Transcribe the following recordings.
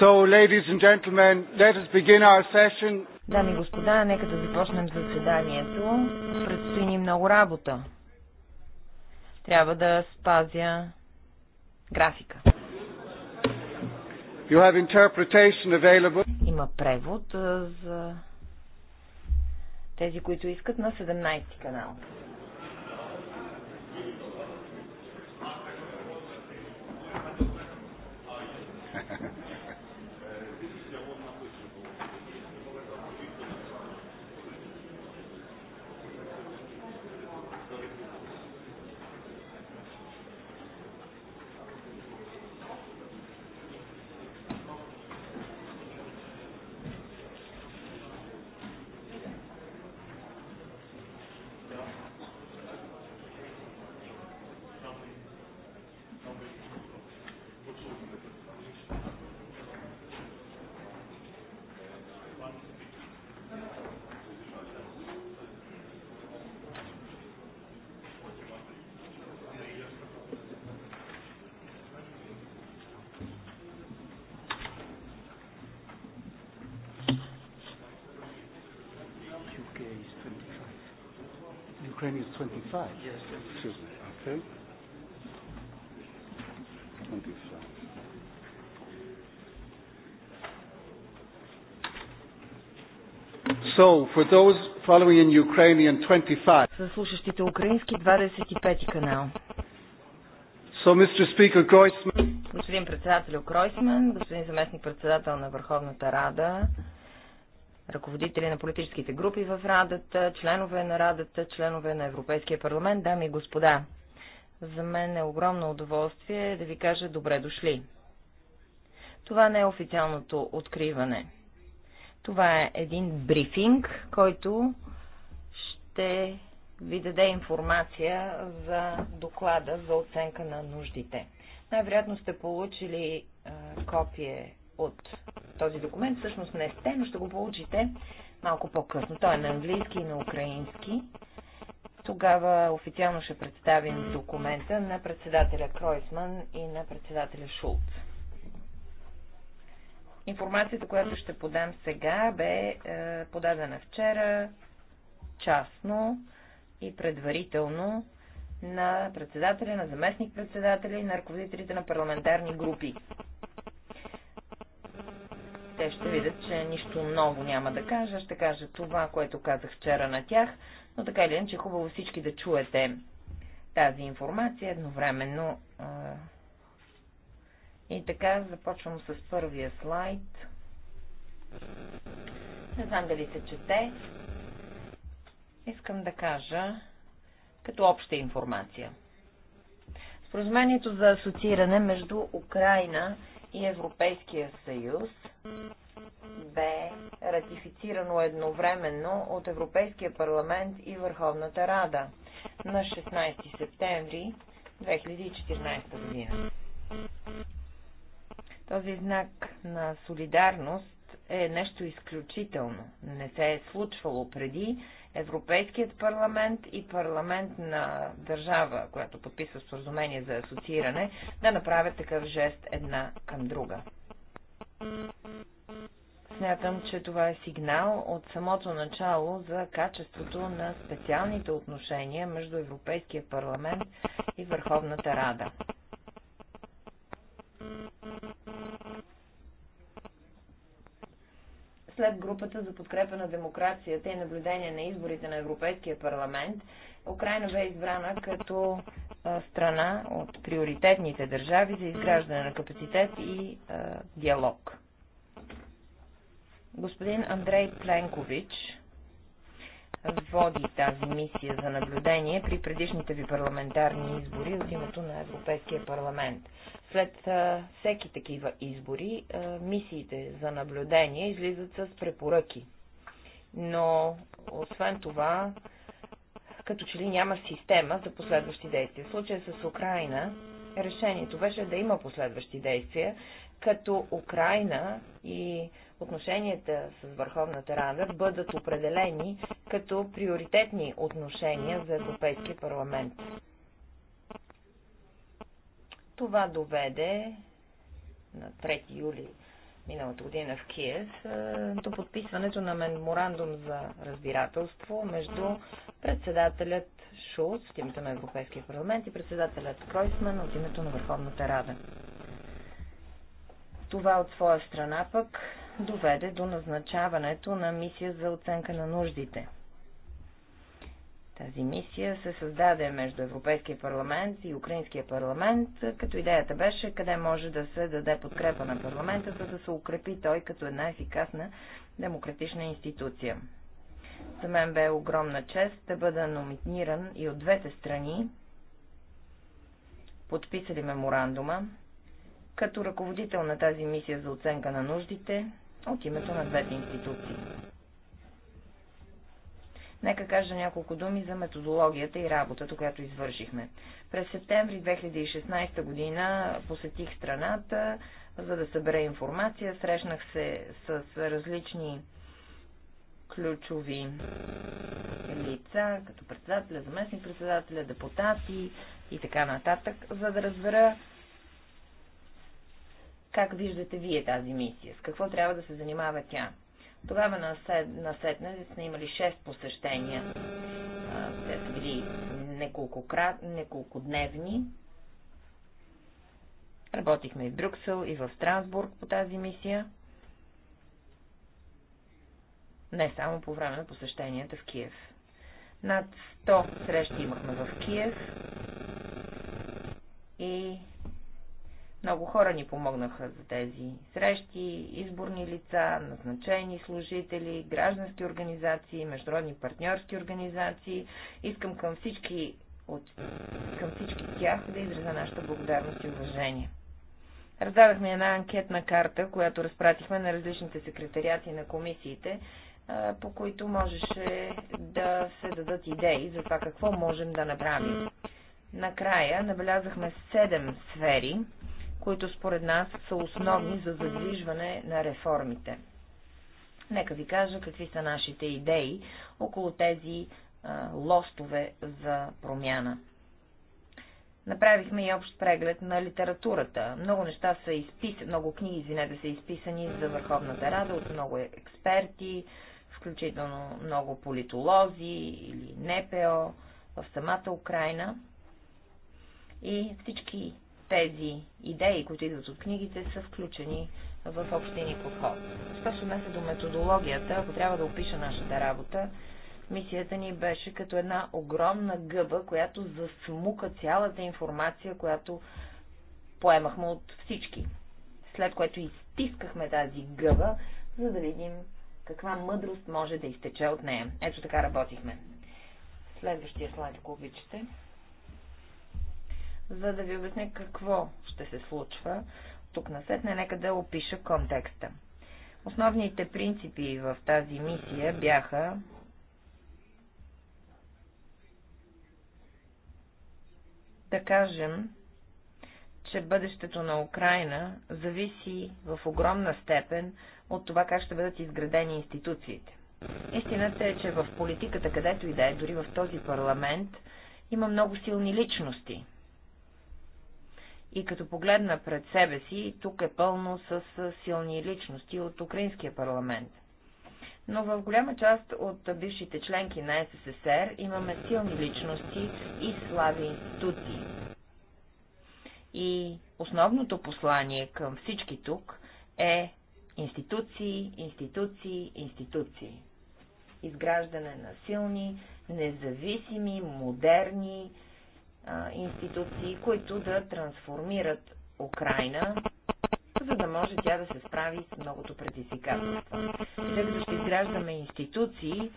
So, ladies and gentlemen, let us begin our session. Дами и господа, нека да започнем заседанието. Предстои ни много работа. Трябва да спазя графика. You have interpretation available. Има превод за тези, които искат на 17 канал. 25. Excuse me. Okay. 25. So, for those following in Ukrainian 25. слушащите украински 25 канал. So, Mr. Speaker, Groisman. Господин председател Кройсман, господин заместник председател на Върховната Рада, ръководители на политическите групи в Радата, членове на Радата, членове на Европейския парламент, дами и господа. За мен е огромно удоволствие да ви кажа добре дошли. Това не е официалното откриване. Това е един брифинг, който ще ви даде информация за доклада за оценка на нуждите. Най-вероятно сте получили копие от този документ. Всъщност не сте, но ще го получите малко по-късно. Той е на английски и на украински. Тогава официално ще представим документа на председателя Кройсман и на председателя Шулц. Информацията, която ще подам сега, бе е, подадена вчера частно и предварително на председателя, на заместник-председателя и на ръководителите на парламентарни групи те ще видят, че нищо много няма да кажа. Ще кажа това, което казах вчера на тях, но така или иначе е хубаво всички да чуете тази информация едновременно. И така започвам с първия слайд. Не знам дали се чете. Искам да кажа като обща информация. Споразумението за асоцииране между Украина и Европейския съюз бе ратифицирано едновременно от Европейския парламент и Върховната Рада на 16 септември 2014 година. Този знак на солидарност е нещо изключително. Не се е случвало преди Европейският парламент и парламент на държава, която подписва споразумение за асоцииране, да направят такъв жест една към друга. Смятам, че това е сигнал от самото начало за качеството на специалните отношения между Европейския парламент и Върховната Рада. след групата за подкрепа на демокрацията и наблюдение на изборите на Европейския парламент, Украина бе избрана като страна от приоритетните държави за изграждане на капацитет и диалог. Господин Андрей Пленкович води тази мисия за наблюдение при предишните ви парламентарни избори от името на Европейския парламент. След всеки такива избори, мисиите за наблюдение излизат с препоръки. Но, освен това, като че ли няма система за последващи действия. В случая с Украина, решението беше да има последващи действия, като Украина и отношенията с Върховната Рада бъдат определени като приоритетни отношения за Европейския парламент. Това доведе на 3 юли миналата година в Киев до подписването на меморандум за разбирателство между председателят Шулц от името на Европейския парламент и председателят Кройсман от името на Върховната Рада. Това от своя страна пък доведе до назначаването на мисия за оценка на нуждите – тази мисия се създаде между Европейския парламент и Украинския парламент, като идеята беше къде може да се даде подкрепа на парламента, за да се укрепи той като една ефикасна демократична институция. За мен бе огромна чест да бъда номиниран и от двете страни, подписали меморандума, като ръководител на тази мисия за оценка на нуждите от името на двете институции. Нека кажа няколко думи за методологията и работата, която извършихме. През септември 2016 година посетих страната, за да събера информация. Срещнах се с различни ключови лица, като председателя, заместник председателя, депутати и така нататък, за да разбера как виждате вие тази мисия, с какво трябва да се занимава тя. Тогава насетне сме имали 6 посещения. Те са били неколко, крат, неколко дневни. Работихме и в Брюксел, и в Страсбург по тази мисия. Не само по време на посещенията в Киев. Над 100 срещи имахме в Киев и много хора ни помогнаха за тези срещи, изборни лица, назначени служители, граждански организации, международни партньорски организации. Искам към всички, от, към всички тях да изразя нашата благодарност и уважение. Раздавахме една анкетна карта, която разпратихме на различните секретариати на комисиите, по които можеше да се дадат идеи за това какво можем да направим. Накрая набелязахме седем сфери, които според нас са основни за задвижване на реформите. Нека ви кажа какви са нашите идеи около тези а, лостове за промяна. Направихме и общ преглед на литературата. Много неща са изписани, много книги, извинете, са изписани за Върховната Рада от много експерти, включително много политолози или НПО в самата Украина. И всички тези идеи, които идват от книгите, са включени в общия ни подход. Що се отнася до методологията, ако трябва да опиша нашата работа, мисията ни беше като една огромна гъба, която засмука цялата информация, която поемахме от всички. След което изтискахме тази гъба, за да видим каква мъдрост може да изтече от нея. Ето така работихме. Следващия слайд, ако обичате за да ви обясня какво ще се случва. Тук на не. нека да опиша контекста. Основните принципи в тази мисия бяха да кажем, че бъдещето на Украина зависи в огромна степен от това как ще бъдат изградени институциите. Истината е, че в политиката, където и да е, дори в този парламент, има много силни личности, и като погледна пред себе си, тук е пълно с силни личности от Украинския парламент. Но в голяма част от бившите членки на СССР имаме силни личности и слаби институции. И основното послание към всички тук е институции, институции, институции. Изграждане на силни, независими, модерни, институции, които да трансформират Украина, за да може тя да се справи с многото предизвикателство. И тъй като ще изграждаме институции,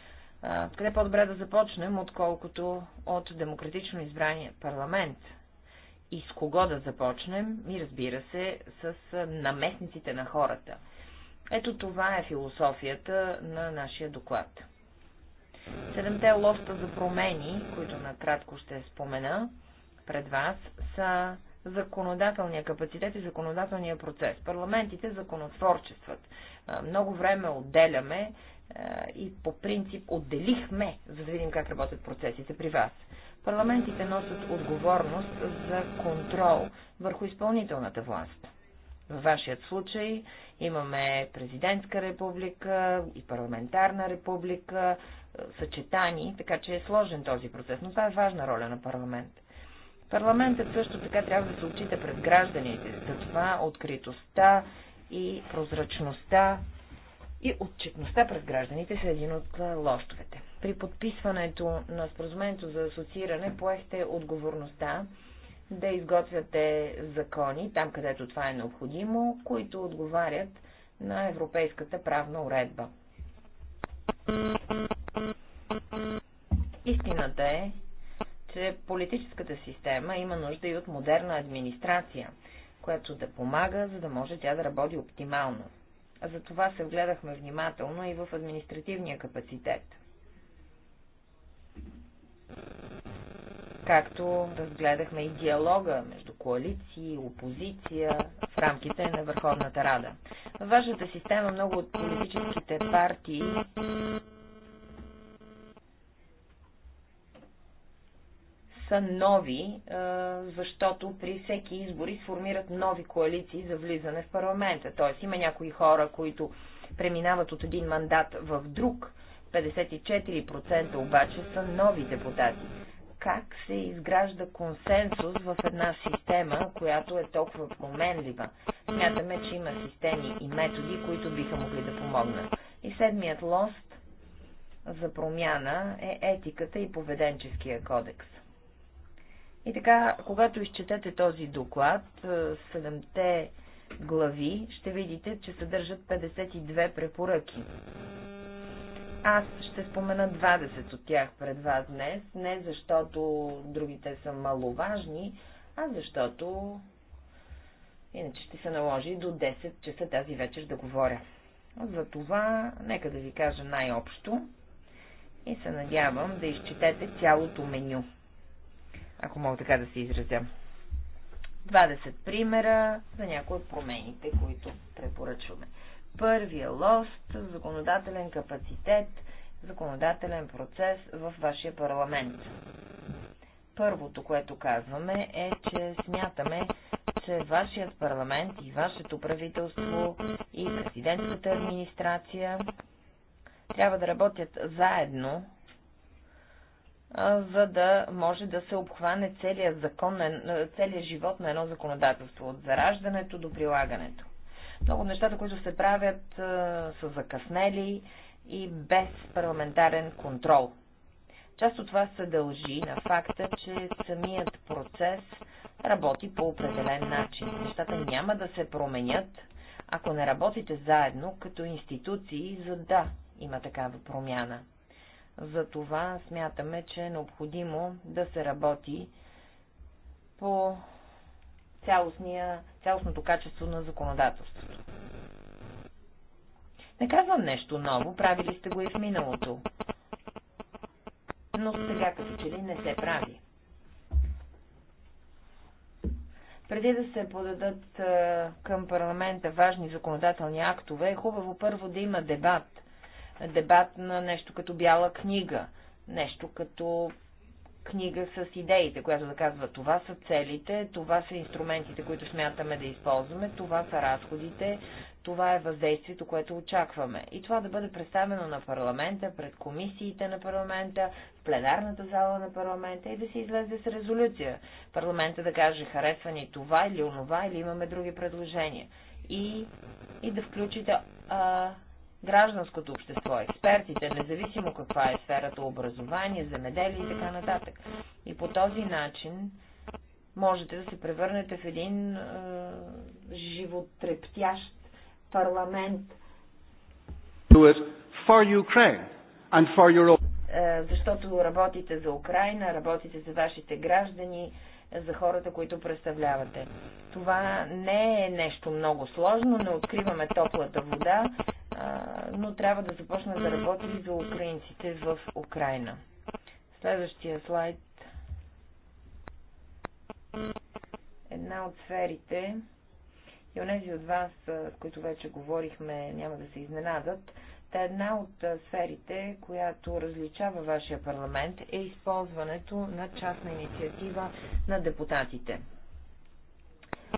къде по-добре да започнем, отколкото от демократично избрания парламент, и с кого да започнем, Ми разбира се, с наместниците на хората. Ето това е философията на нашия доклад. Седемте лофта за промени, които накратко ще спомена, пред вас са законодателния капацитет и законодателния процес. Парламентите законотворчестват. Много време отделяме и по принцип отделихме, за да видим как работят процесите при вас. Парламентите носят отговорност за контрол върху изпълнителната власт. Във вашият случай имаме президентска република и парламентарна република, съчетани, така че е сложен този процес, но това е важна роля на парламент. Парламентът също така трябва да се отчита пред гражданите. Затова откритостта и прозрачността и отчетността пред гражданите са един от лостовете. При подписването на споразумението за асоцииране поехте отговорността да изготвяте закони, там където това е необходимо, които отговарят на европейската правна уредба. Истината е, че политическата система има нужда и от модерна администрация, която да помага, за да може тя да работи оптимално. А за това се вгледахме внимателно и в административния капацитет. Както разгледахме и диалога между коалиции и опозиция в рамките на Върховната Рада. В вашата система много от политическите партии са нови, е, защото при всеки избори сформират нови коалиции за влизане в парламента. Т.е. има някои хора, които преминават от един мандат в друг, 54% обаче са нови депутати. Как се изгражда консенсус в една система, която е толкова променлива? Смятаме, че има системи и методи, които биха могли да помогнат. И седмият лост за промяна е етиката и поведенческия кодекс. И така, когато изчетете този доклад, е, седемте глави, ще видите, че съдържат 52 препоръки. Аз ще спомена 20 от тях пред вас днес, не защото другите са маловажни, а защото иначе ще се наложи до 10 часа тази вечер да говоря. Затова, нека да ви кажа най-общо и се надявам да изчетете цялото меню ако мога така да се изразя. 20 примера за някои от промените, които препоръчваме. Първия лост – законодателен капацитет, законодателен процес в вашия парламент. Първото, което казваме е, че смятаме, че вашият парламент и вашето правителство и президентската администрация трябва да работят заедно за да може да се обхване целият закон, целият живот на едно законодателство, от зараждането до прилагането. Много нещата, които се правят, са закъснели и без парламентарен контрол. Част от това се дължи на факта, че самият процес работи по определен начин. Нещата няма да се променят, ако не работите заедно като институции, за да има такава промяна. За това смятаме, че е необходимо да се работи по цялостното качество на законодателството. Не казвам нещо ново, правили сте го и в миналото. Но сега като че ли не се прави. Преди да се подадат към парламента важни законодателни актове, е хубаво първо да има дебат – дебат на нещо като бяла книга, нещо като книга с идеите, която да казва това са целите, това са инструментите, които смятаме да използваме, това са разходите, това е въздействието, което очакваме. И това да бъде представено на парламента, пред комисиите на парламента, в пленарната зала на парламента и да се излезе с резолюция. Парламента да каже харесва ни това или онова, или имаме други предложения. И, и да включите а, гражданското общество, експертите, независимо каква е сферата, образование, земеделие и така нататък. И по този начин можете да се превърнете в един е, животрептящ парламент. Your... Е, защото работите за Украина, работите за вашите граждани, за хората, които представлявате. Това не е нещо много сложно, не откриваме топлата вода, но трябва да започнат да работи за украинците в Украина. Следващия слайд. Една от сферите, и онези от вас, с които вече говорихме, няма да се изненадат, Една от сферите, която различава вашия парламент, е използването на частна инициатива на депутатите.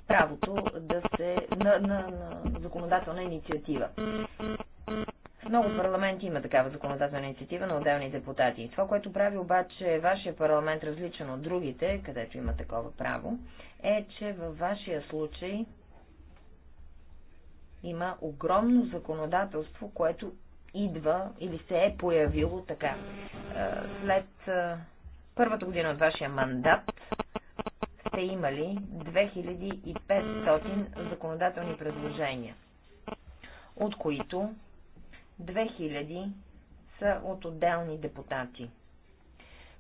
Правото да се... на, на, на законодателна инициатива. В много парламенти има такава законодателна инициатива на отделни депутати. Това, което прави обаче вашия парламент различен от другите, където има такова право, е, че във вашия случай има огромно законодателство, което идва или се е появило така. След първата година от вашия мандат сте имали 2500 законодателни предложения, от които 2000 са от отделни депутати.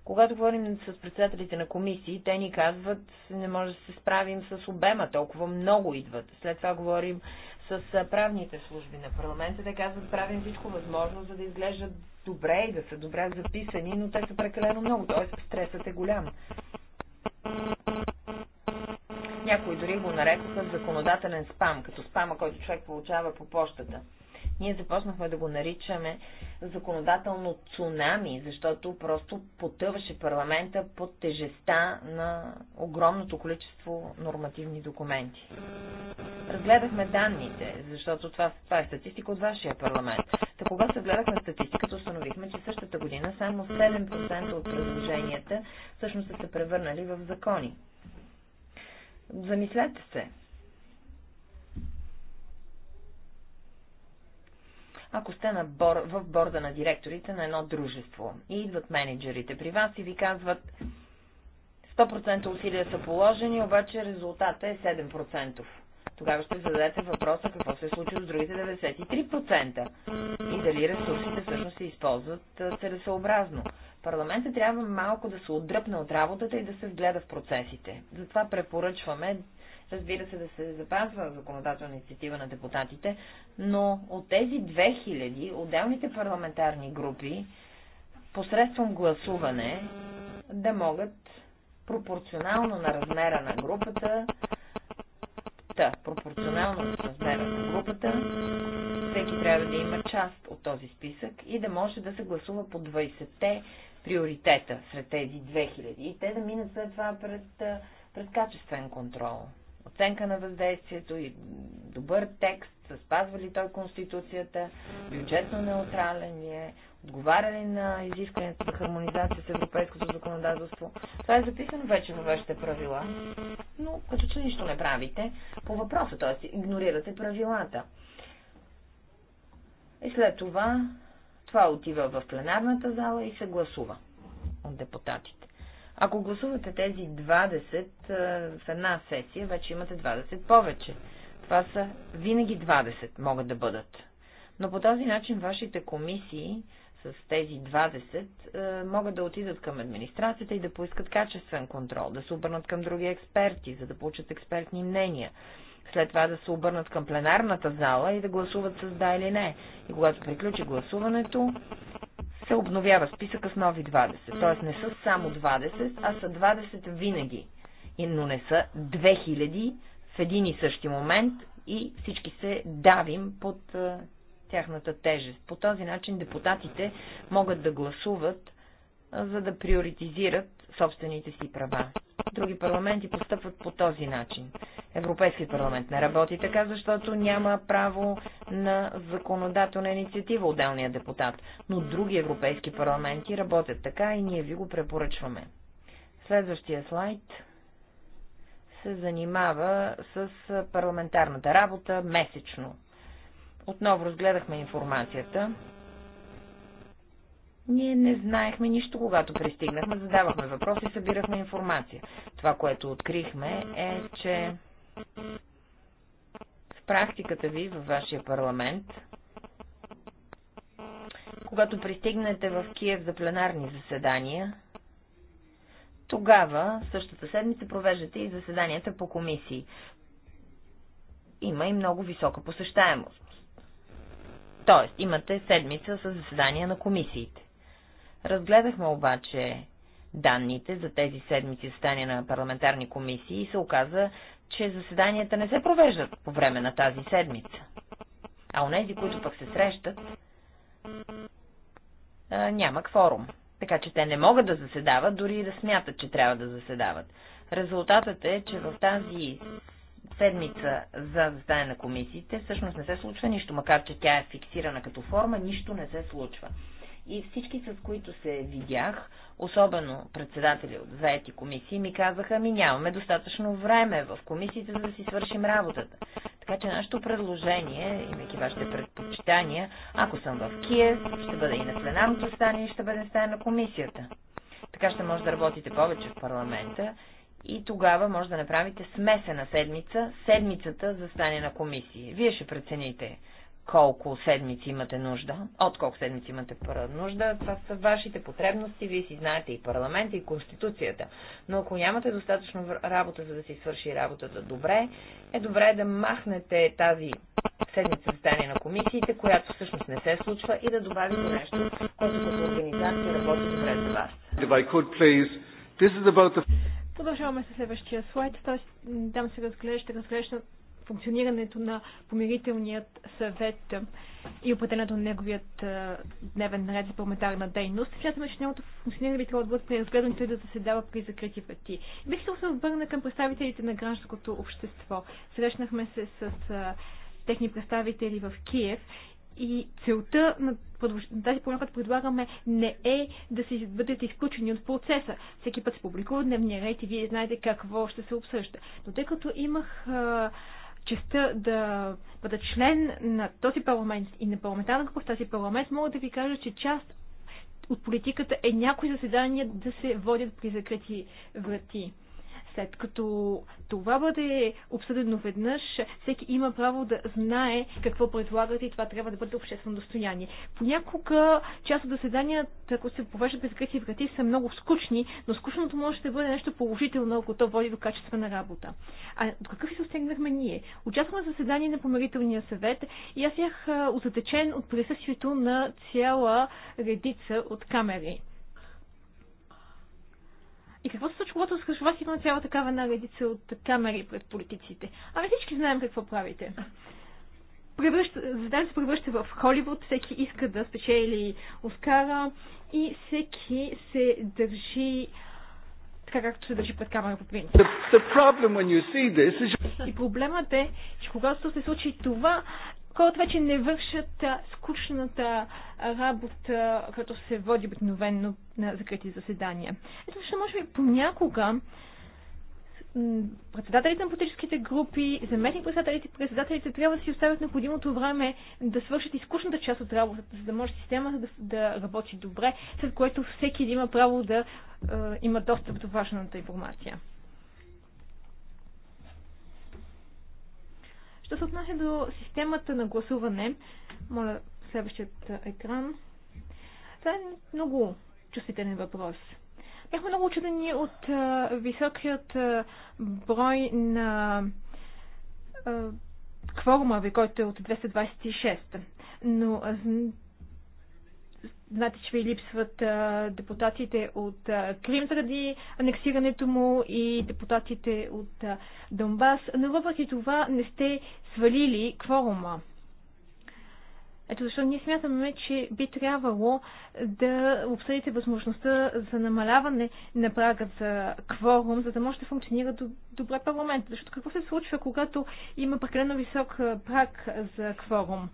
Когато говорим с председателите на комисии, те ни казват, не може да се справим с обема, толкова много идват. След това говорим с правните служби на парламента. Те казват, правим всичко възможно, за да изглеждат добре и да са добре записани, но те са прекалено много, т.е. стресът е голям. Някои дори го нарекоха законодателен спам, като спама, който човек получава по почтата. Ние започнахме да го наричаме законодателно цунами, защото просто потъваше парламента под тежеста на огромното количество нормативни документи. Разгледахме данните, защото това, това е статистика от вашия парламент. Та когато гледахме статистиката, установихме, че същата година само 7% от предложенията всъщност са се превърнали в закони. Замислете се, ако сте на бор... в борда на директорите на едно дружество и идват менеджерите при вас и ви казват 100% усилия са положени, обаче резултата е 7%. Тогава ще зададете въпроса какво се е случило с другите 93% и дали ресурсите всъщност се използват целесообразно. Парламентът трябва малко да се отдръпне от работата и да се вгледа в процесите. Затова препоръчваме Разбира се да се запазва законодателна инициатива на депутатите, но от тези 2000 отделните парламентарни групи посредством гласуване да могат пропорционално на размера на групата, та, пропорционално на размера на групата, всеки трябва да има част от този списък и да може да се гласува по 20-те приоритета сред тези 2000 и те да минат след това пред, пред качествен контрол оценка на въздействието и добър текст, спазва ли той Конституцията, бюджетно неутрален е, отговаря ли на изискването за хармонизация с европейското законодателство. Това е записано вече във вашите правила, но като че нищо не правите по въпроса, т.е. игнорирате правилата. И след това това отива в пленарната зала и се гласува от депутатите. Ако гласувате тези 20 в една сесия, вече имате 20 повече. Това са винаги 20 могат да бъдат. Но по този начин вашите комисии с тези 20 могат да отидат към администрацията и да поискат качествен контрол, да се обърнат към други експерти, за да получат експертни мнения. След това да се обърнат към пленарната зала и да гласуват с да или не. И когато приключи гласуването, се обновява списъка с нови 20. Тоест не са само 20, а са 20 винаги. Но не са 2000 в един и същи момент и всички се давим под а, тяхната тежест. По този начин депутатите могат да гласуват, а, за да приоритизират собствените си права други парламенти постъпват по този начин. Европейски парламент не работи така, защото няма право на законодателна инициатива отделния депутат, но други европейски парламенти работят така и ние ви го препоръчваме. Следващия слайд се занимава с парламентарната работа месечно. Отново разгледахме информацията. Ние не знаехме нищо, когато пристигнахме, задавахме въпроси, събирахме информация. Това, което открихме е, че в практиката ви във вашия парламент, когато пристигнете в Киев за пленарни заседания, тогава същата седмица провеждате и заседанията по комисии. Има и много висока посещаемост. Тоест, имате седмица с заседания на комисиите. Разгледахме обаче данните за тези седмици стани на парламентарни комисии и се оказа, че заседанията не се провеждат по време на тази седмица. А у нези, които пък се срещат, няма кворум. Така че те не могат да заседават, дори и да смятат, че трябва да заседават. Резултатът е, че в тази седмица за застане на комисиите всъщност не се случва нищо, макар че тя е фиксирана като форма, нищо не се случва и всички, с които се видях, особено председатели от заети комисии, ми казаха, ми нямаме достатъчно време в комисиите, за да си свършим работата. Така че нашето предложение, имайки вашите предпочитания, ако съм в Киев, ще бъде и на пленарното стане и ще бъде стане на комисията. Така ще може да работите повече в парламента и тогава може да направите смесена седмица, седмицата за стане на комисии. Вие ще прецените колко седмици имате нужда, от колко седмици имате нужда, това са вашите потребности, вие си знаете и парламента, и конституцията. Но ако нямате достатъчно работа, за да си свърши работата добре, е добре да махнете тази седмица стане на комисиите, която всъщност не се случва, и да добавите нещо, което като организация работи добре за вас. Продължаваме с следващия слайд. Тоест, там се разглежда, разглеждат функционирането на помирителният съвет и определенето на неговият дневен наред за парламентарна дейност. Смятаме, че нямато функциониране би трябвало да бъде разгледано и да заседава при закрити пъти. Бих искал се обърна към представителите на гражданското общество. Срещнахме се с техни представители в Киев и целта на тази промяна, която предлагаме, не е да си бъдете изключени от процеса. Всеки път се публикува дневния ред и вие знаете какво ще се обсъжда. Но тъй като имах а, честа да бъда член на този парламент и на парламентарна група в тази парламент, мога да ви кажа, че част от политиката е някои заседания да се водят при закрити врати. След като това бъде обсъдено веднъж, всеки има право да знае какво предлагат, и това трябва да бъде обществено достояние. Понякога част от заседанията, ако се провеждат без закрити врати, са много скучни, но скучното може да бъде нещо положително, ако то води до качествена работа. А до какъв се стегнахме ние? Участвахме в заседание на помирителния съвет и аз бях озатечен от присъствието на цяла редица от камери. И какво се случва, когато с хашова сигурно цяла такава наредица от камери пред политиците? Ами всички знаем какво правите. Превръща, се превръща в Холивуд, всеки иска да спечели Оскара и всеки се държи така както се държи пред камера по принцип. И проблемът е, че когато се случи това, хората вече не вършат скучната работа, като се води обикновено на закрити заседания. Ето защо, може би, понякога председателите на политическите групи, заместник-председателите, председателите трябва да си оставят необходимото време да свършат и скучната част от работата, за да може системата да, да работи добре, след което всеки да има право да е, има достъп до важната информация. Що се отнася до системата на гласуване, моля следващият екран, това е много чувствителен въпрос. Бяхме много учудени от а, високият а, брой на а, кворума ви, който е от 226. Но Знаете, че ви липсват а, депутатите от а, Крим заради анексирането му и депутатите от а, Донбас, но въпреки това не сте свалили кворума. Ето защо ние смятаме, че би трябвало да обсъдите възможността за намаляване на прага за кворум, за да може да функционира добре парламент. Защото какво се случва, когато има прекалено висок праг за кворум?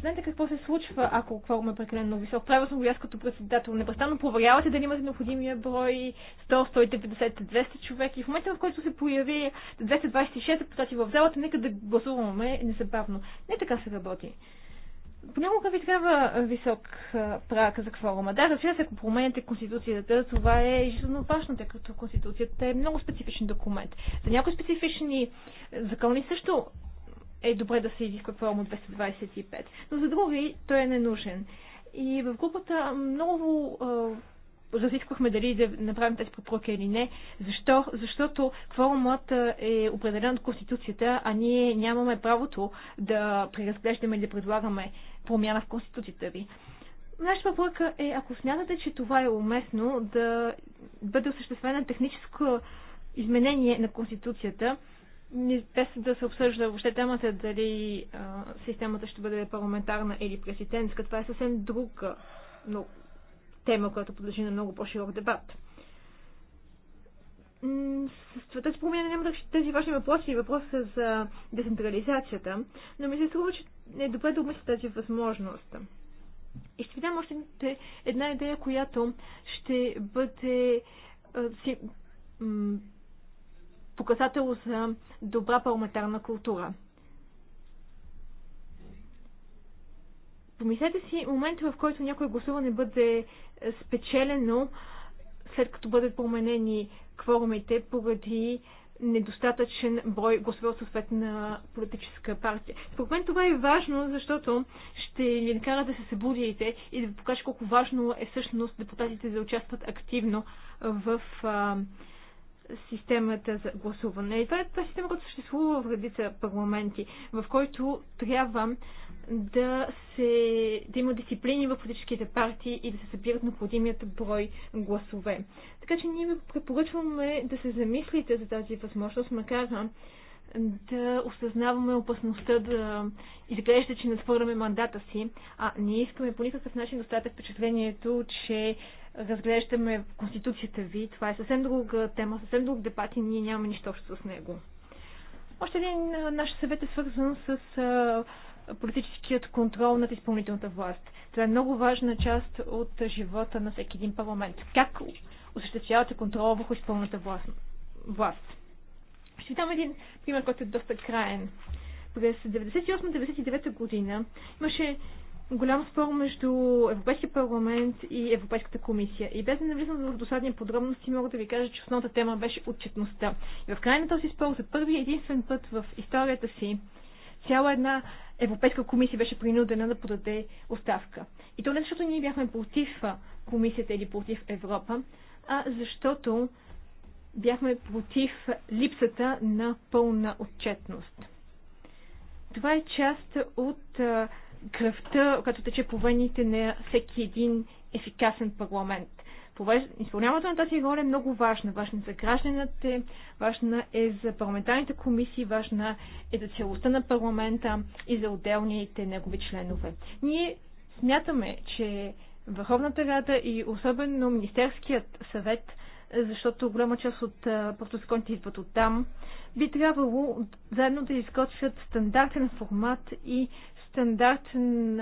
Знаете какво се случва, ако кворум е прекалено висок? Правил съм го аз като председател. Непрестанно проверявате дали имате необходимия брой 100, 150, 200 човеки. в момента, в който се появи 226 депутати в залата, нека да гласуваме незабавно. Не така се работи. Понякога ви трябва висок прак за кворума. Да, разбира се, ако променяте конституцията, това е жизненно важно, тъй като конституцията е много специфичен документ. За някои специфични закони също е добре да се изисква форма от 225, но за други той е ненужен. И в групата много разисквахме дали да направим тези препоръки или не. Защо? Защото кворумът е определен от Конституцията, а ние нямаме правото да преразглеждаме или да предлагаме промяна в Конституцията ви. Нашата препоръка е, ако смятате, че това е уместно, да бъде осъществена техническо изменение на Конституцията, без да се обсъжда въобще темата дали а, системата ще бъде парламентарна или президентска. Това е съвсем друга но, тема, която подлежи на много по-широк дебат. С тази промяна няма тези важни въпроси и въпроса е за децентрализацията, но ми се струва, че не е добре да обмисля тази възможност. И ще ви дам още една идея, която ще бъде показател за добра парламентарна култура. Помислете си момента, в който някое гласуване бъде спечелено, след като бъдат променени кворумите поради недостатъчен брой гласове от съответна политическа партия. Според мен това е важно, защото ще ни накара да се събудите и да ви покажа колко важно е всъщност депутатите да участват активно в системата за гласуване. И това е тази е система, която съществува в редица парламенти, в който трябва да, се, да има дисциплини в политическите партии и да се събират необходимият брой гласове. Така че ние ви препоръчваме да се замислите за тази възможност, макар да осъзнаваме опасността да изглежда, че надхвърляме мандата си, а не искаме по никакъв начин да впечатлението, че разглеждаме конституцията ви. Това е съвсем друга тема, съвсем друг дебат и ние нямаме нищо общо с него. Още един наш съвет е свързан с политическият контрол над изпълнителната власт. Това е много важна част от живота на всеки един парламент. Как осъществявате контрол върху изпълната власт? власт? Ще ви дам един пример, който е доста краен. През 1998-1999 година имаше голям спор между Европейския парламент и Европейската комисия. И без да навлизам в досадни подробности, мога да ви кажа, че основната тема беше отчетността. И в край на този спор за първи единствен път в историята си цяла една Европейска комисия беше принудена да подаде оставка. И то не защото ние бяхме против комисията или против Европа, а защото бяхме против липсата на пълна отчетност. Това е част от кръвта, като тече по вените на всеки един ефикасен парламент. Изпълняването на тази роля е много важна. Важна за гражданите, важна е за парламентарните комисии, важна е за целостта на парламента и за отделните негови членове. Ние смятаме, че Върховната рада и особено Министерският съвет, защото голяма част от протоколите идват от там, би трябвало заедно да изготвят стандартен формат и стандартен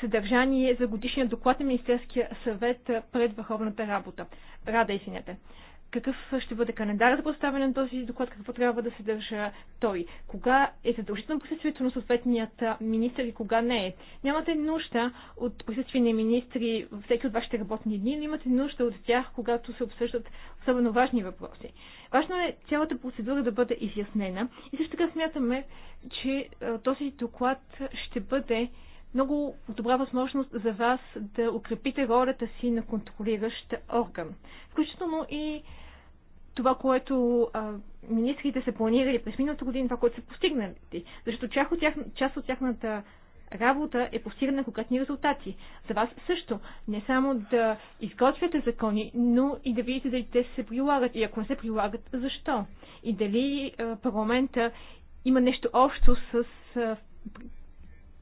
съдържание за годишния доклад на Министерския съвет пред върховната работа. Рада, синете какъв ще бъде календар за поставяне на този доклад, какво трябва да се държа той, кога е задължително присъствието на съответният министр и кога не е. Нямате нужда от присъствие на министри във всеки от вашите работни дни, но имате нужда от тях, когато се обсъждат особено важни въпроси. Важно е цялата процедура да бъде изяснена и също така смятаме, че този доклад ще бъде много добра възможност за вас да укрепите ролята си на контролиращ орган. Включително и това, което а, министрите са планирали през миналата година, това, което са постигнали. Защото част от, тях, част от тяхната работа е постигане на конкретни резултати. За вас също. Не само да изготвяте закони, но и да видите дали те се прилагат и ако не се прилагат, защо. И дали парламента има нещо общо с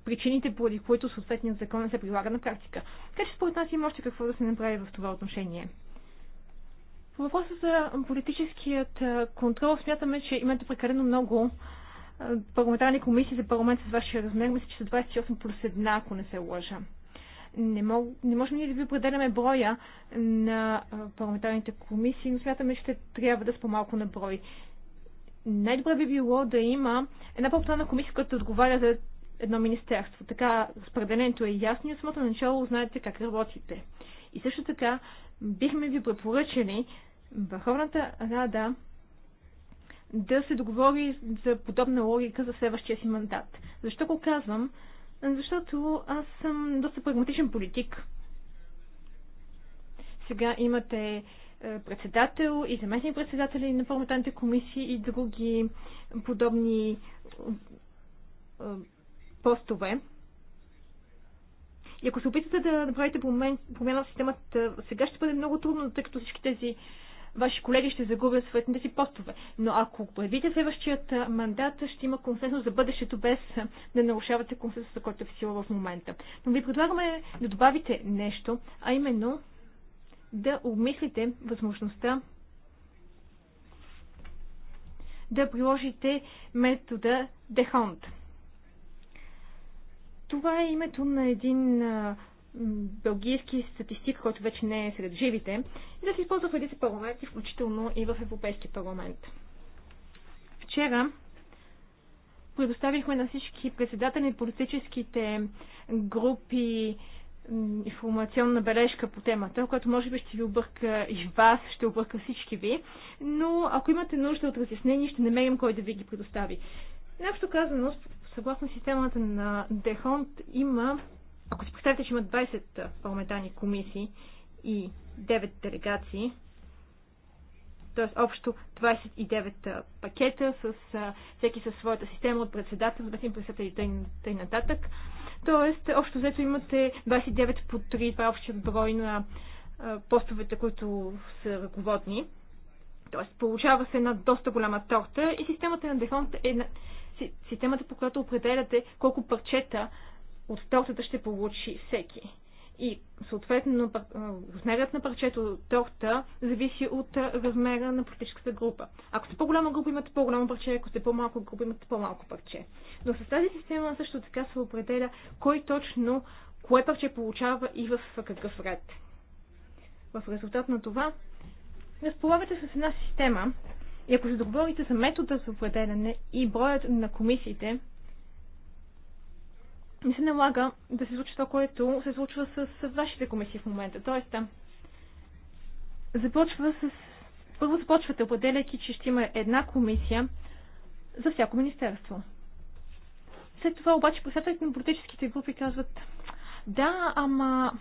причините, поради които съответният закон не се прилага на практика. Така че според нас има още какво да се направи в това отношение. По въпроса за политическият контрол смятаме, че имате прекалено много парламентарни комисии за парламент с вашия размер. Мисля, че са 28 плюс 1, ако не се лъжа. Не, мог, не можем ние да ви определяме броя на парламентарните комисии, но смятаме, че ще трябва да с по-малко на брой. Най-добре би било да има една по-плана комисия, която отговаря за едно министерство. Така, разпределението е ясно и от самото начало знаете как работите. И също така, бихме ви препоръчали Върховната Рада да се договори за подобна логика за следващия си мандат. Защо го казвам? Защото аз съм доста прагматичен политик. Сега имате е, председател и заместни председатели на парламентарните комисии и други подобни е, постове. И ако се опитате да направите промяна в системата, сега ще бъде много трудно, тъй като всички тези ваши колеги ще загубят своите си постове. Но ако появите следващият мандат, ще има консенсус за бъдещето, без да нарушавате консенсуса, който е в сила в момента. Но ви предлагаме да добавите нещо, а именно да обмислите възможността да приложите метода Дехонт. Това е името на един белгийски статистик, който вече не е сред живите, и да се използва в редица парламенти, включително и в Европейския парламент. Вчера предоставихме на всички председатели на политическите групи информационна бележка по темата, която може би ще ви обърка и вас, ще обърка всички ви, но ако имате нужда от разяснение, ще намерим кой да ви ги предостави. Нещо казано, Съгласно системата на Дехонт има, ако си представите, че има 20 парламентарни комисии и 9 делегации, т.е. общо 29 пакета, с, всеки със своята система от председател, заместник председател и тъй нататък. т.е. общо взето имате 29 по 3, това е общият брой на постовете, които са ръководни. Тоест, получава се една доста голяма торта и системата на Дефонт е системата, по която определяте колко парчета от тортата ще получи всеки. И съответно размерът на парчето от торта зависи от размера на политическата група. Ако сте по-голяма група, имате по-голямо парче, ако сте по малко група, имате по-малко парче. Но с тази система също така се определя кой точно кое парче получава и в какъв ред. В резултат на това разполагате с една система, и ако се договорите за метода за определяне и броят на комисиите, не се налага да се случи това, което се случва с, с вашите комисии в момента. Тоест, започва с... Първо започвате, определяйки, че ще има една комисия за всяко министерство. След това обаче председателите на политическите групи казват, да, ама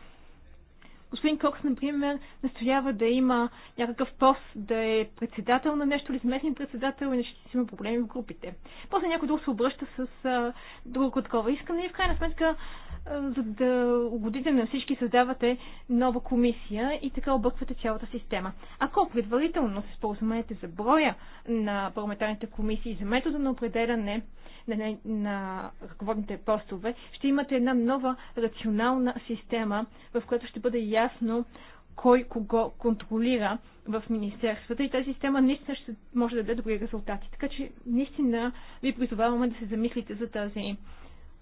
Господин Кокс, например, настоява да има някакъв пост, да е председател на нещо или заместник председател, иначе ще си има проблеми в групите. После някой друг се обръща с а, друго такова искане и в крайна сметка, а, за да угодите на всички, създавате нова комисия и така обърквате цялата система. Ако предварително се споразумеете за броя на парламентарните комисии, за метода на определяне на, на, на ръководните постове, ще имате една нова рационална система, в която ще бъде ясно ясно кой кого контролира в министерствата и тази система наистина ще може да даде добри резултати. Така че наистина ви призоваваме да се замислите за, тази,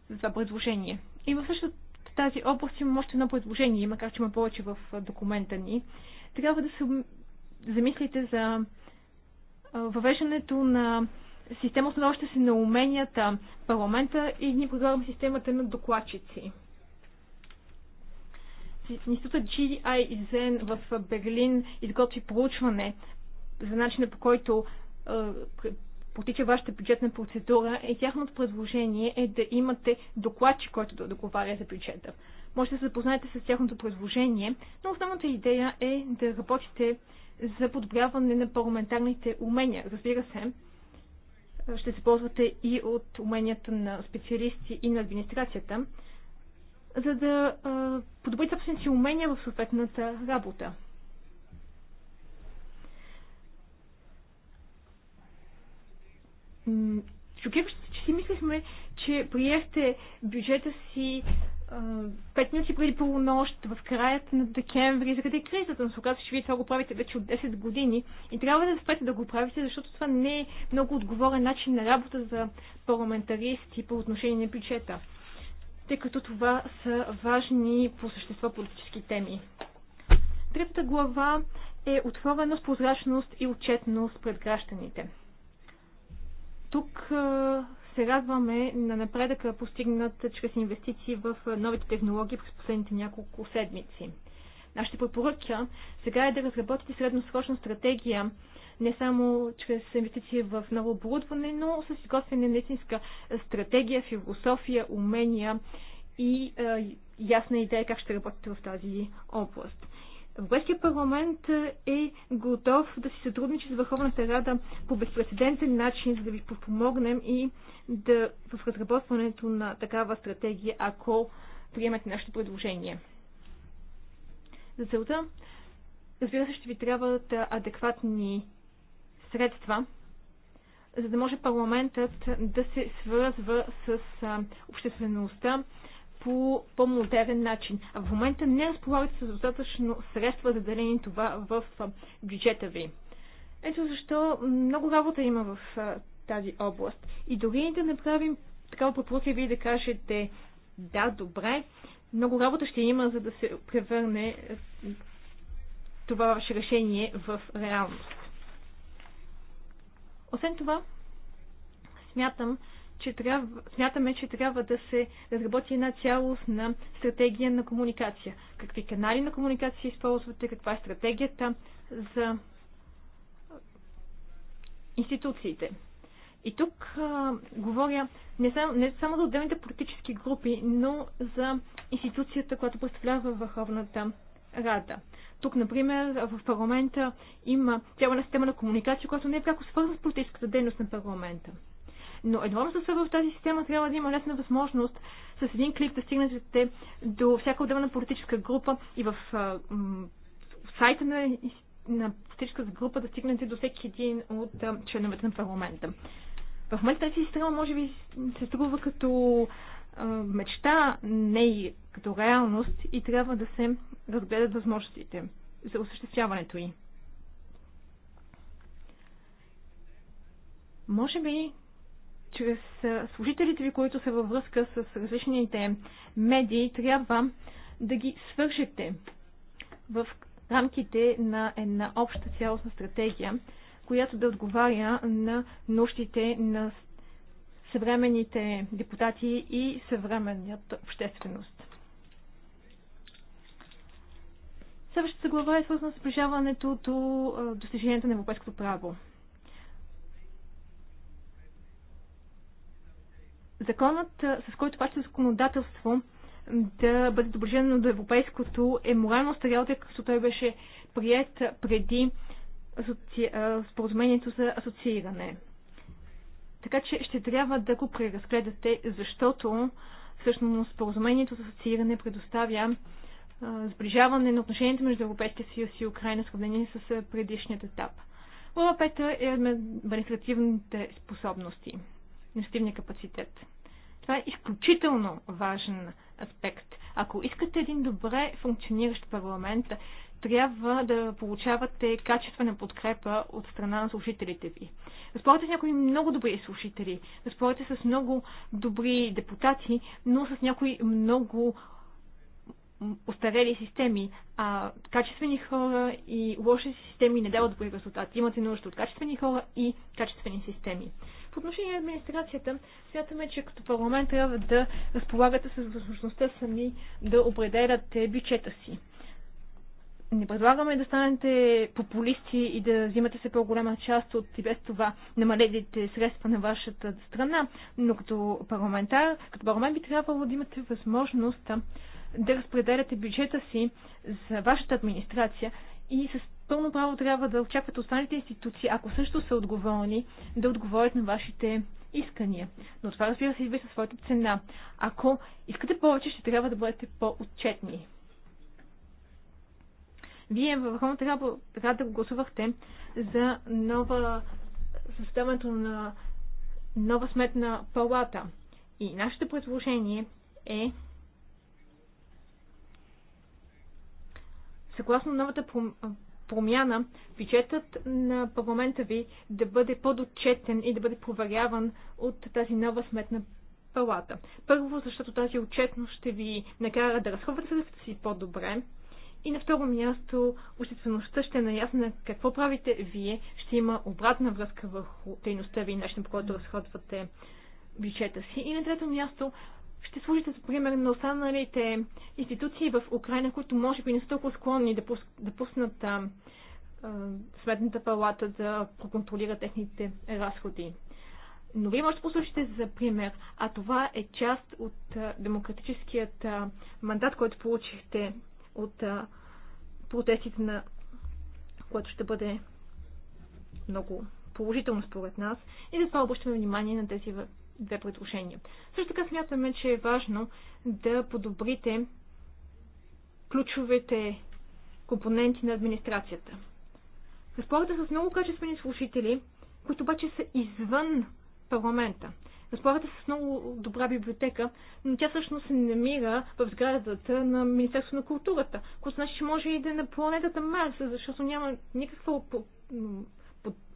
за това предложение. И в същата тази област има още едно предложение, макар че има повече в документа ни. Трябва да се замислите за въвеждането на система, основа се на уменията парламента и ние предлагаме системата на докладчици института GI Zen в Берлин изготви проучване за начина по който протича вашата бюджетна процедура и тяхното предложение е да имате докладчик, който да договаря за бюджета. Може да се запознаете с тяхното предложение, но основната идея е да работите за подобряване на парламентарните умения. Разбира се, ще се ползвате и от уменията на специалисти и на администрацията, за да подобри собствените си умения в съответната работа. Шокиращо, че си мислехме, че приехте бюджета си 5 минути преди полунощ, в краят на декември, заради кризата, но се оказва, че вие това го правите вече от 10 години и трябва да спрете да го правите, защото това не е много отговорен начин на работа за парламентаристи по отношение на бюджета тъй като това са важни по същество политически теми. Третата глава е отворена с прозрачност и отчетност пред гражданите. Тук се радваме на напредъка, постигнат чрез инвестиции в новите технологии през последните няколко седмици. Нашите препоръки сега е да разработите средносрочна стратегия не само чрез инвестиции в ново оборудване, но с изготвяне на истинска стратегия, философия, умения и е, ясна идея как ще работите в тази област. Европейския парламент е готов да си сътрудничи с Върховната Рада по безпредседентен начин, за да ви подпомогнем и да, в разработването на такава стратегия, ако приемете нашето предложение. За целта, разбира се, ще ви трябват адекватни средства, за да може парламентът да се свързва с обществеността по по-модерен начин. А в момента не разполагате с достатъчно средства, за дарени това в бюджета ви. Ето защо много работа има в тази област. И дори да направим такава препоръка вие да кажете да, добре, много работа ще има, за да се превърне това ваше решение в реалност. Освен това, смятам, че трябва, смятаме, че трябва да се разработи една цялостна стратегия на комуникация. Какви канали на комуникация използвате, каква е стратегията за институциите. И тук а, говоря не само, не само за отделните политически групи, но за институцията, която представлява върховната Рада. Тук, например, в парламента има цяла една система на комуникация, която не е пряко свързана с политическата дейност на парламента. Но едно да се в тази система трябва да има лесна възможност с един клик да стигнете до всяка отделна политическа група и в, а, в сайта на, на политическата група да стигнете до всеки един от а, членовете на парламента. В момента тази система може би се струва като а, мечта, не и като реалност и трябва да се разгледат възможностите за осъществяването й. Може би, чрез служителите ви, които са във връзка с различните медии, трябва да ги свържете в рамките на една обща цялостна стратегия, която да отговаря на нуждите на съвременните депутати и съвременната общественост. Следващата глава е свързана с приближаването до достиженията на европейското право. Законът, с който вашето законодателство да бъде доброжено до европейското, е морално остарял, тъй като той беше прият преди асоци... споразумението за асоцииране. Така че ще трябва да го преразгледате, защото всъщност споразумението за асоцииране предоставя сближаване на отношенията между Европейския съюз и Украина сравнение с предишният етап. Глава пета е административните способности, административния капацитет. Това е изключително важен аспект. Ако искате един добре функциониращ парламент, трябва да получавате качествена подкрепа от страна на служителите ви. Разполагате с някои много добри служители, разполагате с много добри депутати, но с някои много устарели системи, а качествени хора и лоши системи не дават добри резултати. Имате нужда от качествени хора и качествени системи. По отношение на администрацията, смятаме, че като парламент трябва да разполагате с възможността сами да определяте бюджета си. Не предлагаме да станете популисти и да взимате се по-голяма част от и без това намалените средства на вашата страна, но като парламентар, като парламент би трябвало да имате възможност да разпределяте бюджета си за вашата администрация и с пълно право трябва да очакват останалите институции, ако също са отговорни, да отговорят на вашите искания. Но това разбира се идва със своята цена. Ако искате повече, ще трябва да бъдете по-отчетни. Вие във Върховната рада гласувахте за нова съставането на нова сметна палата. И нашето предложение е Съгласно новата промяна, бюджетът на парламента ви да бъде подотчетен и да бъде проверяван от тази нова сметна палата. Първо, защото тази отчетност ще ви накара да разходвате средствата си по-добре. И на второ място, обществеността ще е наясна какво правите вие, ще има обратна връзка върху дейността ви и начин, по който разходвате бюджета си. И на трето място, ще служите за пример на останалите институции в Украина, които може би не са толкова склонни да, пус, да пуснат а, а, Сметната палата да проконтролира техните разходи. Но вие може да послушате за пример, а това е част от а, демократическият а, мандат, който получихте от а, протестите на което ще бъде много положително според нас и затова обръщаме внимание на тези две предложения. Също така смятаме, че е важно да подобрите ключовете компоненти на администрацията. Разполагате с много качествени служители, които обаче са извън парламента. Разполагате с много добра библиотека, но тя всъщност се намира в сградата на Министерство на културата, което значи, че може и да е на планетата Марс, защото няма никаква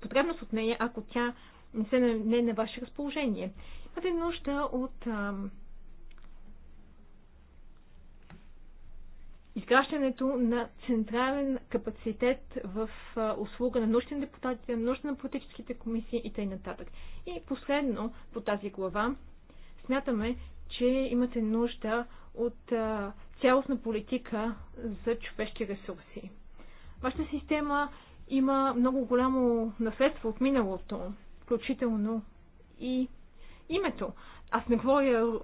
потребност от нея, ако тя не, се, не на ваше разположение. Имате нужда от ам, изграждането на централен капацитет в а, услуга на нуждите депутати, депутатите, на нужда на политическите комисии и т.н. И последно по тази глава смятаме, че имате нужда от а, цялостна политика за човешки ресурси. Вашата система има много голямо наследство от миналото включително и името. Аз не говоря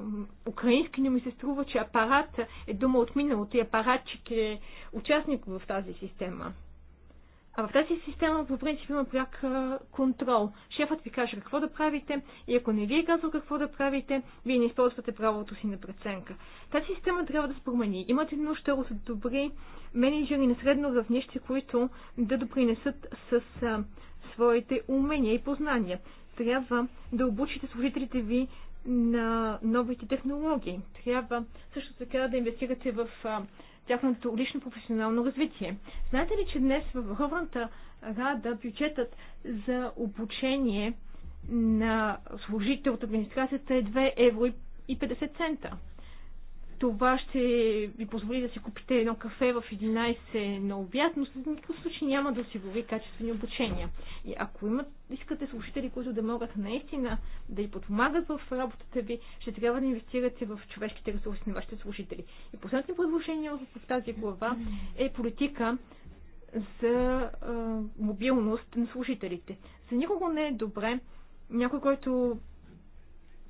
украински, но ми се струва, че апарат е дума от миналото и апаратчик е участник в тази система. А в тази система по принцип има пряк контрол. Шефът ви каже какво да правите и ако не ви е казал какво да правите, вие не използвате правото си на преценка. Тази система трябва да се промени. Имате нужда от добри менеджери на средно равнище, които да допринесат с а, своите умения и познания. Трябва да обучите служителите ви на новите технологии. Трябва също така да инвестирате в а, тяхното лично професионално развитие. Знаете ли, че днес в Върховната рада бюджетът за обучение на служител от администрацията е 2 евро и 50 цента? това ще ви позволи да си купите едно кафе в 11 на обяд, но в никакъв случай няма да осигури качествени обучения. И ако имат, искате служители, които да могат наистина да ви подпомагат в работата ви, ще трябва да инвестирате в човешките ресурси на вашите служители. И последното предложение в тази глава е политика за а, мобилност на служителите. За никого не е добре някой, който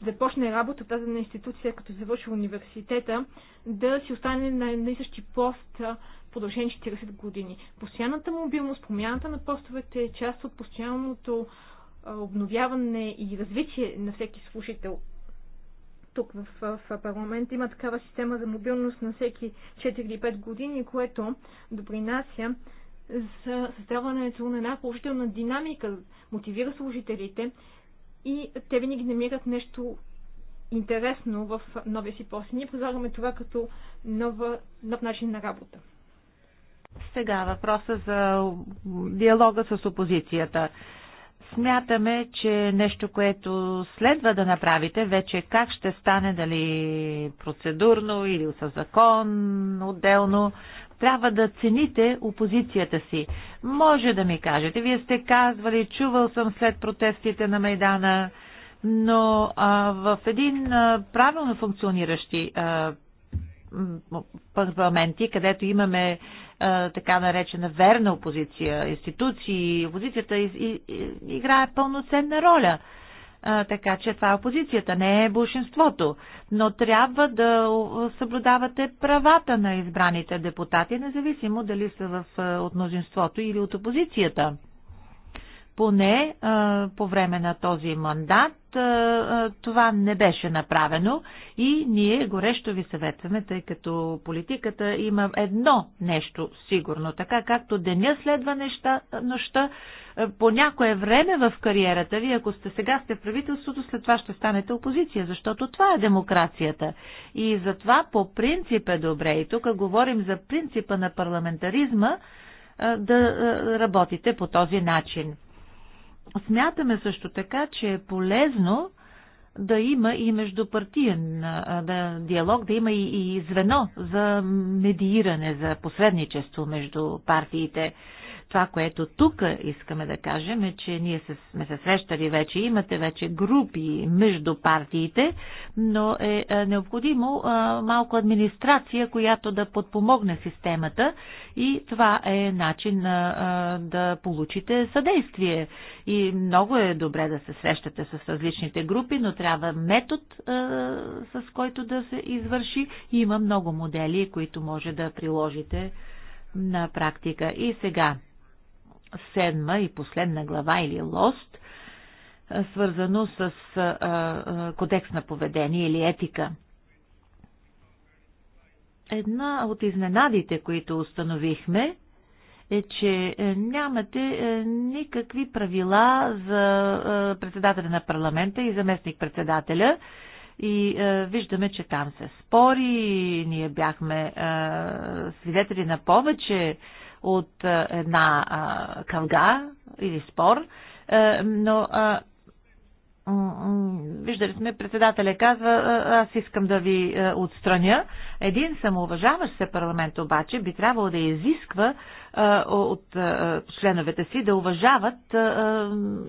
започне работата на институция, като завърши университета, да си остане на един същи пост в продължение 40 години. Постоянната мобилност, промяната на постовете е част от постоянното обновяване и развитие на всеки служител. Тук в, в парламента има такава система за мобилност на всеки 4-5 години, което допринася за създаването на една положителна динамика, мотивира служителите и те винаги намират нещо интересно в новия си пост. Ние предлагаме това като нова, нов начин на работа. Сега въпроса за диалога с опозицията. Смятаме, че нещо, което следва да направите, вече как ще стане, дали процедурно или със закон отделно, трябва да цените опозицията си. Може да ми кажете, вие сте казвали, чувал съм след протестите на Майдана, но а, в един а, правилно функциониращи а, парламенти, където имаме а, така наречена верна опозиция, институции, опозицията из, и, и, играе пълноценна роля. А, така че това е опозицията, не е бълшинството. Но трябва да съблюдавате правата на избраните депутати, независимо дали са в, от мнозинството или от опозицията поне а, по време на този мандат а, а, това не беше направено и ние горещо ви съветваме, тъй като политиката има едно нещо сигурно, така както деня следва неща, нощта, по някое време в кариерата ви, ако сте сега сте в правителството, след това ще станете опозиция, защото това е демокрацията. И затова по принцип е добре, и тук говорим за принципа на парламентаризма, да работите по този начин. Смятаме също така, че е полезно да има и междупартиен да, диалог, да има и, и звено за медииране, за посредничество между партиите. Това, което тук искаме да кажем е, че ние сме се срещали вече, имате вече групи между партиите, но е, е необходимо малко администрация, която да подпомогне системата и това е начин да получите съдействие. И много е добре да се срещате с различните групи, но трябва метод, с който да се извърши. Има много модели, които може да приложите на практика. И сега седма и последна глава или лост, свързано с кодекс на поведение или етика. Една от изненадите, които установихме, е, че е, нямате е, никакви правила за е, председателя на парламента и заместник-председателя. И е, виждаме, че там се спори. Ние бяхме е, свидетели на повече от една кавга или спор, е, но виждали сме, председателя казва, аз искам да ви отстраня. Един самоуважаващ се парламент обаче би трябвало да изисква от членовете си да уважават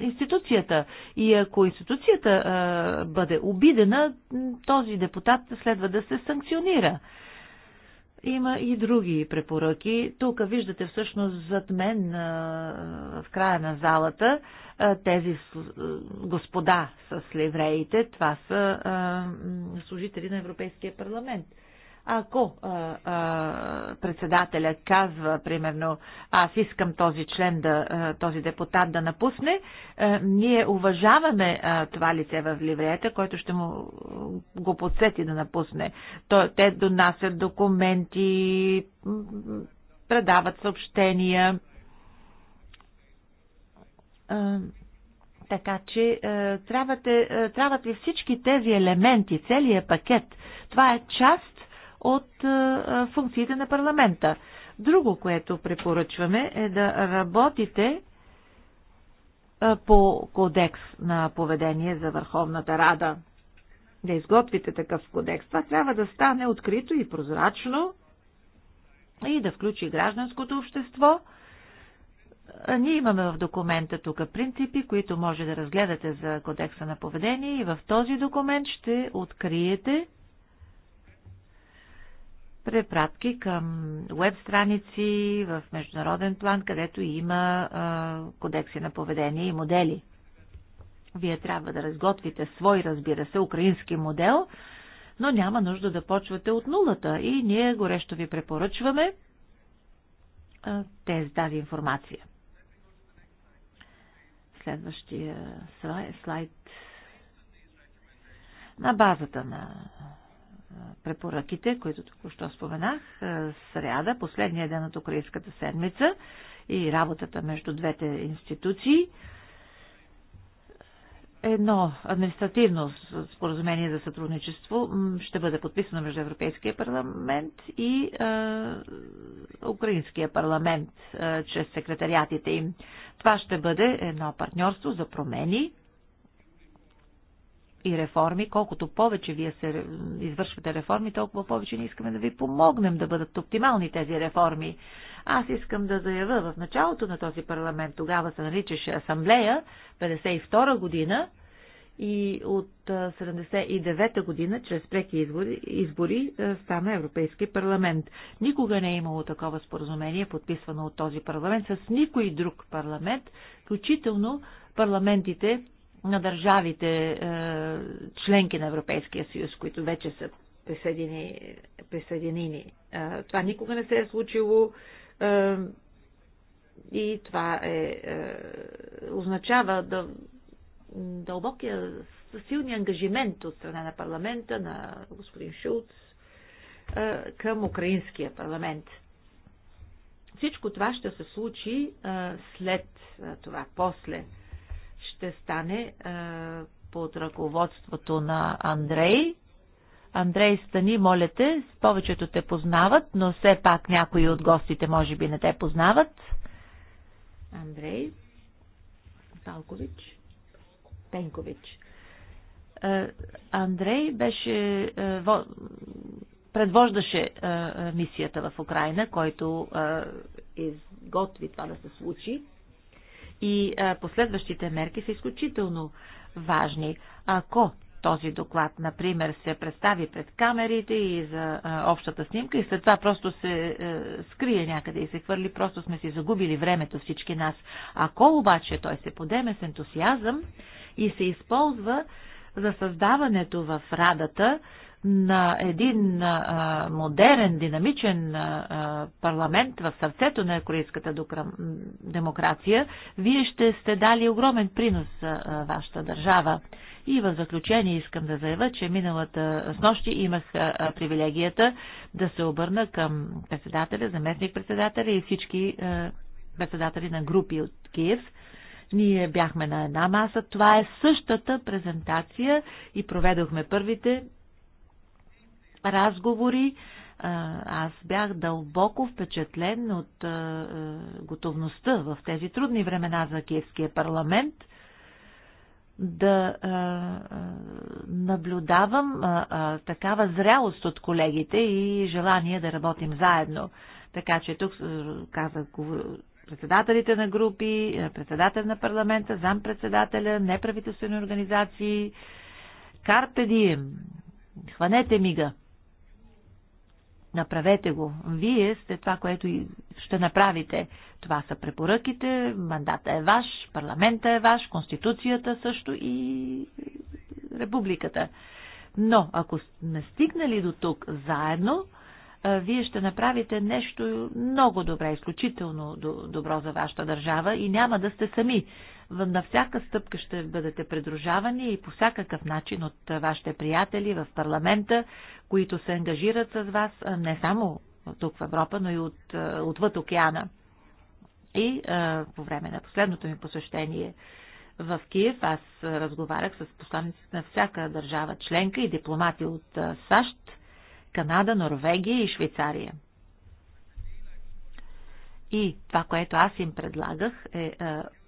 институцията. И ако институцията бъде обидена, този депутат следва да се санкционира. Има и други препоръки. Тук виждате всъщност зад мен в края на залата тези господа с левреите. Това са служители на Европейския парламент. Ако а, а, председателя казва, примерно, аз искам този член, да, този депутат да напусне, а, ние уважаваме а, това лице в ливреята, който ще му го подсети да напусне. То, те донасят документи, предават съобщения. А, така че трябват ли всички тези елементи, целият пакет? Това е част от функциите на парламента. Друго, което препоръчваме е да работите по кодекс на поведение за Върховната Рада. Да изготвите такъв кодекс. Това трябва да стане открито и прозрачно и да включи гражданското общество. Ние имаме в документа тук принципи, които може да разгледате за кодекса на поведение и в този документ ще откриете препратки към веб страници в международен план, където има а, кодекси на поведение и модели. Вие трябва да разготвите свой, разбира се, украински модел, но няма нужда да почвате от нулата и ние горещо ви препоръчваме тези тази информация. Следващия слайд. На базата на препоръките, които току-що споменах, сряда, последния ден от Украинската седмица и работата между двете институции. Едно административно споразумение за сътрудничество ще бъде подписано между Европейския парламент и е, Украинския парламент е, чрез секретариатите им. Това ще бъде едно партньорство за промени, и реформи. Колкото повече вие се извършвате реформи, толкова повече не искаме да ви помогнем да бъдат оптимални тези реформи. Аз искам да заявя в началото на този парламент, тогава се наричаше Асамблея, 52 година, и от 79 година, чрез преки избори, избори, стана Европейски парламент. Никога не е имало такова споразумение, подписвано от този парламент, с никой друг парламент, включително парламентите на държавите е, членки на Европейския съюз, които вече са присъединени. присъединени. Това никога не се е случило е, и това е, е означава да, дълбокия, силния ангажимент от страна на парламента, на господин Шулц, към украинския парламент. Всичко това ще се случи след това, после ще стане е, под ръководството на Андрей. Андрей Стани, моля те, повечето те познават, но все пак някои от гостите може би не те познават. Андрей Талкович. Пенкович. Е, Андрей беше, е, предвождаше мисията в Украина, който изготви това да се случи и последващите мерки са изключително важни. Ако този доклад, например, се представи пред камерите и за а, общата снимка и след това просто се а, скрие някъде и се хвърли, просто сме си загубили времето всички нас. Ако обаче той се подеме с ентусиазъм и се използва за създаването в Радата на един а, модерен, динамичен а, парламент в сърцето на корейската демокрация, вие ще сте дали огромен принос за вашата държава. И в заключение искам да заявя, че миналата с нощи имах а, привилегията да се обърна към председателя, заместник-председателя и всички а, председатели на групи от Киев – ние бяхме на една маса. Това е същата презентация и проведохме първите разговори. Аз бях дълбоко впечатлен от готовността в тези трудни времена за Киевския парламент да наблюдавам такава зрялост от колегите и желание да работим заедно. Така че тук казах председателите на групи, е, председател на парламента, зампредседателя, неправителствени организации. Карпе дием. Хванете мига. Направете го. Вие сте това, което ще направите. Това са препоръките, мандата е ваш, парламента е ваш, конституцията също и републиката. Но ако не стигнали до тук заедно, вие ще направите нещо много добре, изключително добро за вашата държава и няма да сте сами. На всяка стъпка ще бъдете придружавани и по всякакъв начин от вашите приятели в парламента, които се ангажират с вас не само тук в Европа, но и от, отвъд океана. И а, по време на последното ми посещение в Киев аз разговарях с посланиците на всяка държава членка и дипломати от САЩ, Канада, Норвегия и Швейцария. И това, което аз им предлагах е, е,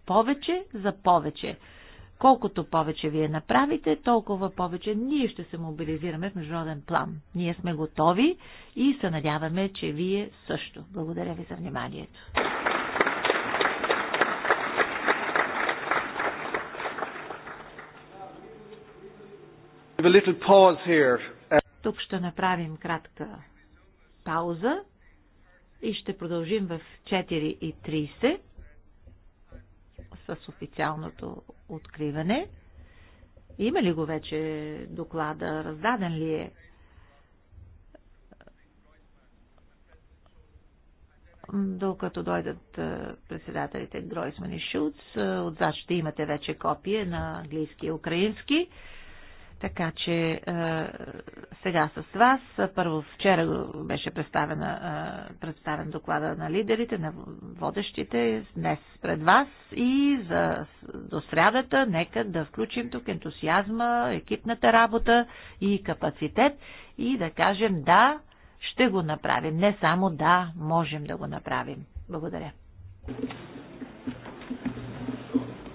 повече за повече. Колкото повече вие направите, толкова повече ние ще се мобилизираме в международен план. Ние сме готови и се надяваме, че вие също. Благодаря ви за вниманието. a little pause here тук ще направим кратка пауза и ще продължим в 4.30 с официалното откриване. Има ли го вече доклада? Раздаден ли е? Докато дойдат е, председателите Гройсман и Шулц, е, отзад ще имате вече копия на английски и украински. Така че е, сега с вас, първо вчера беше представена, е, представен доклада на лидерите, на водещите, днес пред вас и за, до срядата нека да включим тук ентусиазма, екипната работа и капацитет и да кажем да, ще го направим. Не само да, можем да го направим. Благодаря.